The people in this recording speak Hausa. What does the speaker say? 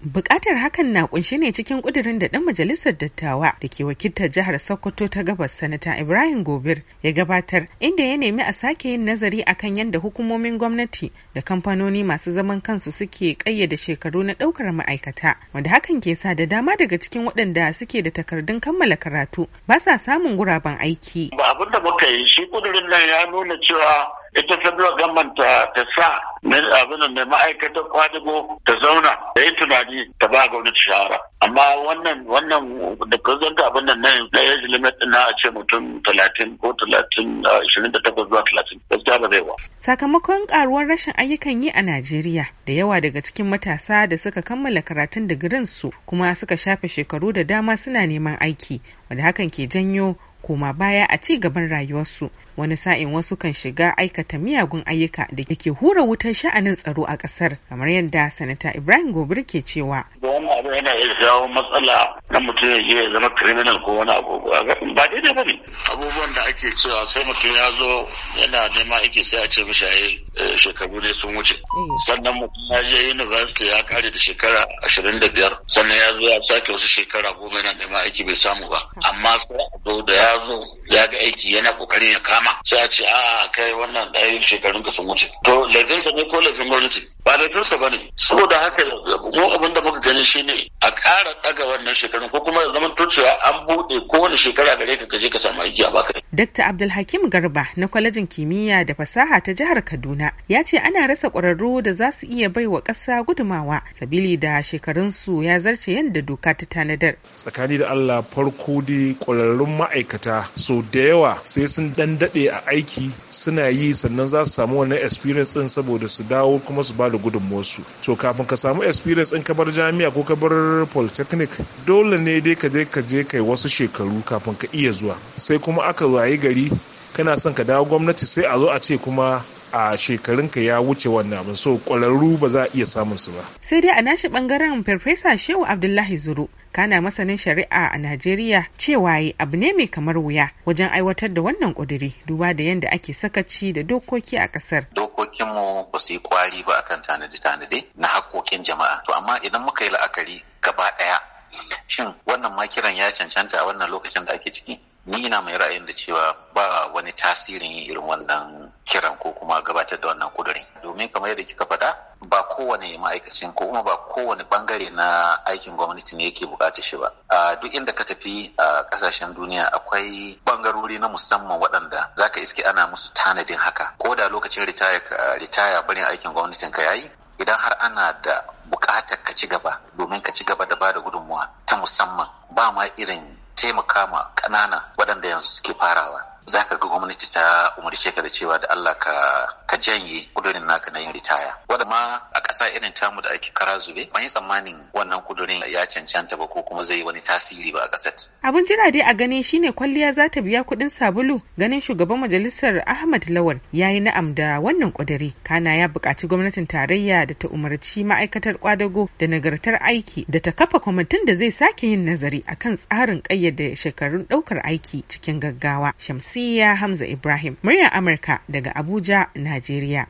Bukatar hakan na kunshi ne cikin kudirin da ɗan majalisar dattawa da ke wakiltar jihar Sokoto ta gabas sanata Ibrahim Gobir ya gabatar inda ya nemi a sake yin nazari akan yadda hukumomin gwamnati da kamfanoni masu zaman kansu suke kayyade shekaru na ɗaukar ma'aikata wanda hakan ke sa da dama daga cikin waɗanda suke da takardun kammala karatu ba sa samun guraben aiki. Ba abin muka yi shi kudirin nan ya nuna cewa ita federal gaman ta sa abin da ma'aikatar kwadago ta zauna da yi tunani ta ba gwamnati shahara amma wannan wannan da kazanta abin nan na yanzu limit na a ce mutum talatin ko talatin ashirin da takwas zuwa talatin gaskiya ba zai wa. sakamakon karuwar rashin ayyukan yi a najeriya da yawa daga cikin matasa da suka kammala karatun digirin su kuma suka shafe shekaru da dama suna neman aiki wanda hakan ke janyo koma baya a ci gaban rayuwarsu wani sa'in wasu kan shiga aikata miyagun ayyuka da ke hura wutar sha'anin tsaro a kasar kamar yadda sanata ibrahim gobir ke cewa wannan abu yana iya jawo matsala na mutum ya je ya zama criminal ko wani abu ba daidai ba ne abubuwan da ake cewa sai mutum ya zo yana nema aiki sai a ce mishi a eh, shekaru ne sun wuce eh. sannan mutum ya je university ya kare da shekara ashirin da biyar sannan ya zo ya sake wasu shekara goma yana nema aiki bai samu ba amma sai a zo da ya zo ya ga aiki yana kokarin ya kama sai a ce a kai wannan dai shekarun ka sun wuce to laifinsa ne ko laifin gwamnati ba laifinsa ba ne saboda haka mu abin da muka gani shine a kara ɗaga wannan shekarun ko kuma ya zama to cewa an buɗe kowane shekara gare ka kaje ka samu aiki a baka Dr. Abdulhakim Garba na kwalejin kimiyya da fasaha ta jihar Kaduna ya ce ana rasa ƙwararru da za su iya wa ƙasa gudumawa sabili da shekarunsu ya zarce yadda doka ta tanadar. Tsakani da Allah farko da ƙwararrun ma'aikata so da yawa sai sun dan daɗe a aiki suna yi sannan za su samu wannan experience ɗin saboda su dawo kuma su ba da gudunmuwarsu. To kafin ka samu experience in ka bar jami'a ko ka bar polytechnic dole ne dai ka je ka je kai wasu shekaru kafin ka iya zuwa sai kuma aka waye gari kana son ka dawo gwamnati sai a zo a ce kuma a shekarunka ya wuce wannan abin so kwararru ba za a iya samun su ba. Sai dai a nashi bangaren Farfesa Shehu Abdullahi Zuru kana masanin shari'a a Najeriya cewa yi abu ne mai kamar wuya wajen aiwatar da wannan ƙudiri duba da yadda ake sakaci da dokoki a ƙasar. Dokokinmu ba su yi kwari ba akan tanadi-tanadi na haƙoƙin jama'a. To amma idan muka yi la'akari gaba ɗaya shin wannan ma kiran ya cancanta a wannan lokacin da ake ciki ni ina mai ra'ayin da cewa ba wani tasirin yi irin wannan kiran ko kuma gabatar da wannan kudurin domin kamar yadda kika faɗa ba kowane ma'aikacin ko kuma ba kowane bangare na aikin gwamnati ne yake bukata shi ba a duk inda ka tafi a kasashen duniya akwai bangarori na musamman waɗanda zaka iske ana musu tanadin haka ko da lokacin ritaya barin aikin gwamnatin ka yayi idan har ana da bukatar ka ci gaba domin ka ci gaba da ba da gudunmuwa ta musamman ba ma irin taimaka ma ƙanana waɗanda yanzu suke farawa za ka ga gwamnati ta umarce ka da cewa da Allah ka ka janye kudurin naka na yin ritaya wanda ma a ƙasa irin tamu da ake kara zube ban yi tsammanin wannan kudurin ya cancanta ba ko kuma zai yi wani tasiri ba a ƙasar abin jira dai a gani shine kwalliya za ta biya kuɗin sabulu ganin shugaban majalisar Ahmad Lawal ya yi na'am da wannan kudari kana ya buƙaci gwamnatin tarayya da ta umarci ma'aikatar kwadago da nagartar aiki da ta kafa kwamitin da zai sake yin nazari akan tsarin ƙayyade shekarun ɗaukar aiki cikin gaggawa Shamsi Shamsiyya Hamza Ibrahim, murya Amurka daga Abuja, Najeriya.